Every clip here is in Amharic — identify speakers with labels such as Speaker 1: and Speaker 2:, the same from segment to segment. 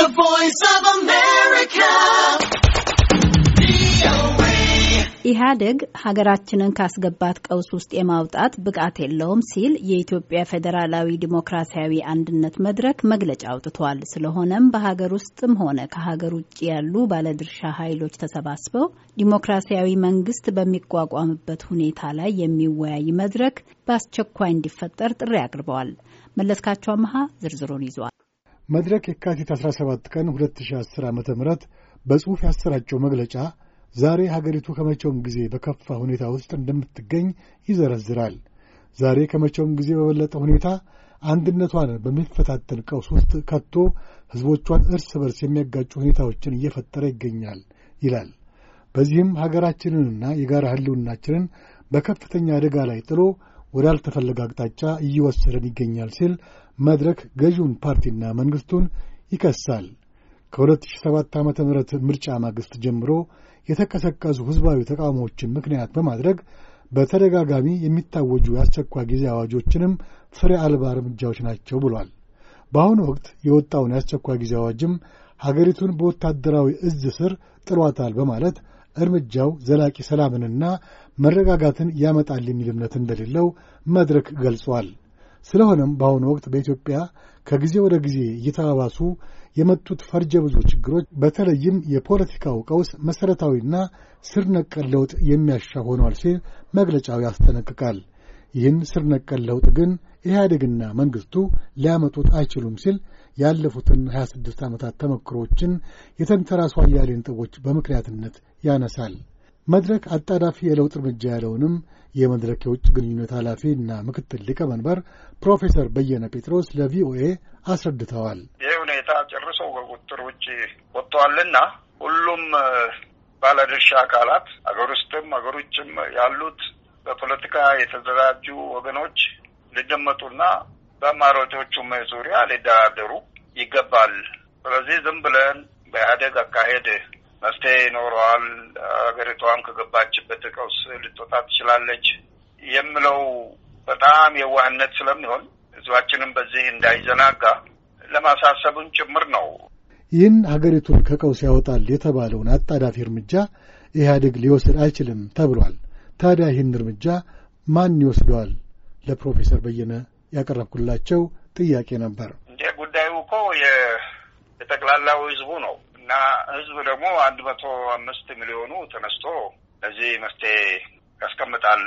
Speaker 1: The Voice of America.
Speaker 2: ኢህአደግ ሀገራችንን ካስገባት ቀውስ ውስጥ የማውጣት ብቃት የለውም ሲል የኢትዮጵያ ፌዴራላዊ ዲሞክራሲያዊ አንድነት መድረክ መግለጫ አውጥቷል። ስለሆነም በሀገር ውስጥም ሆነ ከሀገር ውጭ ያሉ ባለድርሻ ኃይሎች ተሰባስበው ዲሞክራሲያዊ መንግስት በሚቋቋምበት ሁኔታ ላይ የሚወያይ መድረክ በአስቸኳይ እንዲፈጠር ጥሪ አቅርበዋል። መለስካቸው አመሃ ዝርዝሩን ይዟል። መድረክ የካቲት 17 ቀን 2010 ዓ ም በጽሑፍ ያሰራጨው መግለጫ ዛሬ ሀገሪቱ ከመቼውም ጊዜ በከፋ ሁኔታ ውስጥ እንደምትገኝ ይዘረዝራል። ዛሬ ከመቼውም ጊዜ በበለጠ ሁኔታ አንድነቷን በሚፈታተን ቀውስ ውስጥ ከቶ ሕዝቦቿን እርስ በርስ የሚያጋጩ ሁኔታዎችን እየፈጠረ ይገኛል ይላል። በዚህም ሀገራችንንና የጋራ ሕልውናችንን በከፍተኛ አደጋ ላይ ጥሎ ወዳልተፈለገ አቅጣጫ እየወሰደን ይገኛል ሲል መድረክ ገዢውን ፓርቲና መንግሥቱን ይከሳል። ከ2007 ዓ ም ምርጫ ማግስት ጀምሮ የተቀሰቀሱ ሕዝባዊ ተቃውሞዎችን ምክንያት በማድረግ በተደጋጋሚ የሚታወጁ የአስቸኳይ ጊዜ አዋጆችንም ፍሬ አልባ እርምጃዎች ናቸው ብሏል። በአሁኑ ወቅት የወጣውን የአስቸኳይ ጊዜ አዋጅም ሀገሪቱን በወታደራዊ እዝ ስር ጥሏታል በማለት እርምጃው ዘላቂ ሰላምንና መረጋጋትን ያመጣል የሚል እምነት እንደሌለው መድረክ ገልጿል። ስለሆነም በአሁኑ ወቅት በኢትዮጵያ ከጊዜ ወደ ጊዜ እየተባባሱ የመጡት ፈርጀ ብዙ ችግሮች በተለይም የፖለቲካው ቀውስ መሠረታዊና ስር ነቀል ለውጥ የሚያሻ ሆኗል ሲል መግለጫው ያስጠነቅቃል። ይህን ስር ነቀል ለውጥ ግን ኢህአዴግና መንግሥቱ ሊያመጡት አይችሉም ሲል ያለፉትን 26 ዓመታት ተመክሮችን የተንተራሱ አያሌ ነጥቦች በምክንያትነት ያነሳል። መድረክ አጣዳፊ የለውጥ እርምጃ ያለውንም የመድረክ የውጭ ግንኙነት ኃላፊ እና ምክትል ሊቀመንበር ፕሮፌሰር በየነ ጴጥሮስ ለቪኦኤ አስረድተዋል። ይህ ሁኔታ ጨርሶ
Speaker 1: ከቁጥር ውጭ ወጥተዋልና ሁሉም ባለድርሻ አካላት አገር ውስጥም አገር ውጭም ያሉት በፖለቲካ የተደራጁ ወገኖች ሊደመጡና በአማራጮቹም ዙሪያ ሊደራደሩ ይገባል። ስለዚህ ዝም ብለን በኢህአደግ አካሄድ መፍትሄ ይኖረዋል፣ ሀገሪቷም ከገባችበት ቀውስ ልትወጣ ትችላለች የምለው በጣም የዋህነት ስለሚሆን ህዝባችንም በዚህ እንዳይዘናጋ ለማሳሰቡን ጭምር ነው።
Speaker 2: ይህን ሀገሪቱን ከቀውስ ያወጣል የተባለውን አጣዳፊ እርምጃ ኢህአዴግ ሊወስድ አይችልም ተብሏል። ታዲያ ይህን እርምጃ ማን ይወስደዋል? ለፕሮፌሰር በየነ ያቀረብኩላቸው ጥያቄ ነበር። እንደ
Speaker 1: ጉዳዩ እኮ የጠቅላላው ህዝቡ ነው። እና ህዝብ ደግሞ አንድ መቶ አምስት ሚሊዮኑ ተነስቶ ለዚህ መፍትሄ ያስቀምጣል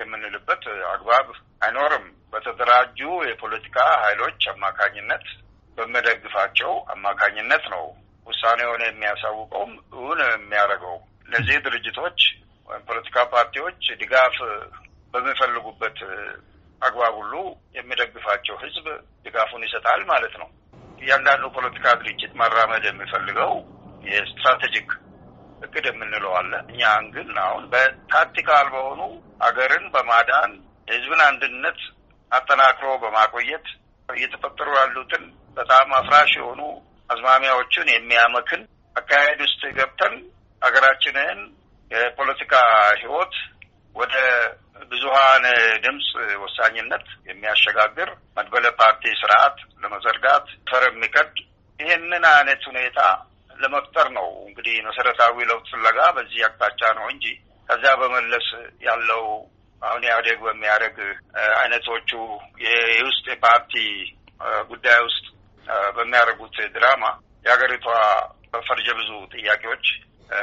Speaker 1: የምንልበት አግባብ አይኖርም። በተደራጁ የፖለቲካ ኃይሎች አማካኝነት በመደግፋቸው አማካኝነት ነው ውሳኔውን የሚያሳውቀውም እውን የሚያደርገው። እነዚህ ድርጅቶች ወይም ፖለቲካ ፓርቲዎች ድጋፍ በሚፈልጉበት አግባብ ሁሉ የሚደግፋቸው ህዝብ ድጋፉን ይሰጣል ማለት ነው። እያንዳንዱ ፖለቲካ ድርጅት ማራመድ የሚፈልገው የስትራቴጂክ እቅድ የምንለው አለ። እኛ ግን አሁን በታክቲካል በሆኑ አገርን በማዳን ህዝብን አንድነት አጠናክሮ በማቆየት እየተፈጠሩ ያሉትን በጣም አፍራሽ የሆኑ አዝማሚያዎችን የሚያመክን አካሄድ ውስጥ ገብተን ሀገራችንን የፖለቲካ ህይወት ወደ ብዙሀን የድምፅ ወሳኝነት የሚያሸጋግር መድበለ ፓርቲ ስርዓት ለመዘርጋት ፈር የሚቀድ ይህንን አይነት ሁኔታ ለመፍጠር ነው እንግዲህ መሰረታዊ ለውጥ ፍለጋ በዚህ አቅጣጫ ነው እንጂ ከዛ በመለስ ያለው አሁን ኢህአዴግ በሚያደርግ አይነቶቹ የውስጥ የፓርቲ ጉዳይ ውስጥ በሚያደርጉት ድራማ የሀገሪቷ በፈርጀ ብዙ ጥያቄዎች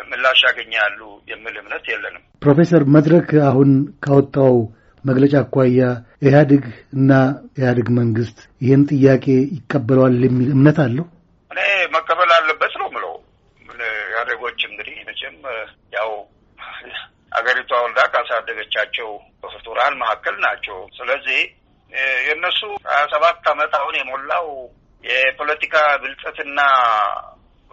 Speaker 1: ምላሽ ያገኛሉ የሚል እምነት
Speaker 2: የለንም። ፕሮፌሰር መድረክ አሁን ካወጣው መግለጫ አኳያ ኢህአዴግ እና ኢህአዴግ መንግስት ይህን ጥያቄ ይቀበለዋል የሚል እምነት አለው። እኔ
Speaker 1: መቀበል አለበት ነው ምለው። ኢህአዴጎች እንግዲህ መቼም ያው አገሪቷ ወልዳ ካሳደገቻቸው ፍጡራን መካከል ናቸው። ስለዚህ የእነሱ ሀያ ሰባት አመት አሁን የሞላው የፖለቲካ ብልጸትና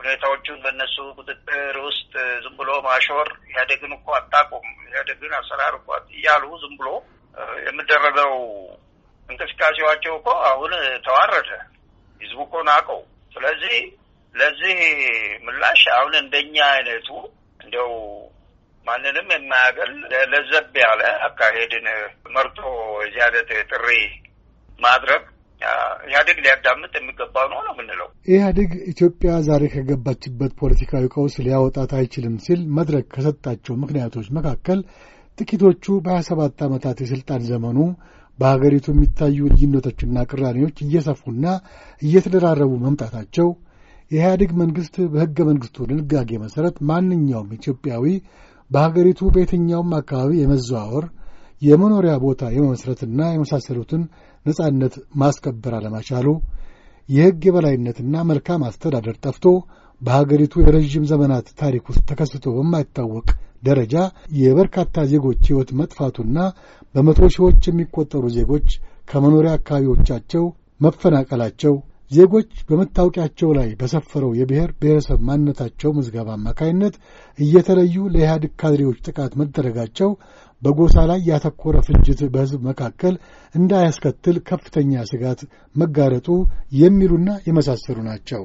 Speaker 1: ሁኔታዎቹን በእነሱ ቁጥጥር ውስጥ ዝም ብሎ ማሾር ኢህአዴግን እኮ አታቁም ኢህአዴግን አሰራር እኮ እያሉ ዝም ብሎ የሚደረገው እንቅስቃሴዋቸው እኮ አሁን ተዋረደ። ህዝቡ እኮ ናቀው። ስለዚህ ለዚህ ምላሽ አሁን እንደኛ አይነቱ እንደው ማንንም የማያገል ለዘብ ያለ አካሄድን መርጦ የዚህ አይነት ጥሪ ማድረግ ኢህአዴግ ሊያዳምጥ
Speaker 2: የሚገባው ነው ነው የምንለው። ኢህአዴግ ኢትዮጵያ ዛሬ ከገባችበት ፖለቲካዊ ቀውስ ሊያወጣት አይችልም ሲል መድረክ ከሰጣቸው ምክንያቶች መካከል ጥቂቶቹ በ27 ዓመታት የሥልጣን ዘመኑ በአገሪቱ የሚታዩ ልዩነቶችና ቅራኔዎች እየሰፉና እየተደራረቡ መምጣታቸው የኢህአዴግ መንግሥት በሕገ መንግሥቱ ድንጋጌ መሠረት ማንኛውም ኢትዮጵያዊ በሀገሪቱ በየትኛውም አካባቢ የመዘዋወር የመኖሪያ ቦታ የመመስረትና የመሳሰሉትን ነጻነት ማስከበር አለመቻሉ የሕግ የበላይነትና መልካም አስተዳደር ጠፍቶ በሀገሪቱ የረዥም ዘመናት ታሪክ ውስጥ ተከስቶ በማይታወቅ ደረጃ የበርካታ ዜጎች ሕይወት መጥፋቱና በመቶ ሺዎች የሚቆጠሩ ዜጎች ከመኖሪያ አካባቢዎቻቸው መፈናቀላቸው ዜጎች በመታወቂያቸው ላይ በሰፈረው የብሔር ብሔረሰብ ማንነታቸው ምዝገባ አማካይነት እየተለዩ ለኢህአዴግ ካድሬዎች ጥቃት መደረጋቸው በጎሳ ላይ ያተኮረ ፍጅት በሕዝብ መካከል እንዳያስከትል ከፍተኛ ስጋት መጋረጡ የሚሉና የመሳሰሉ ናቸው።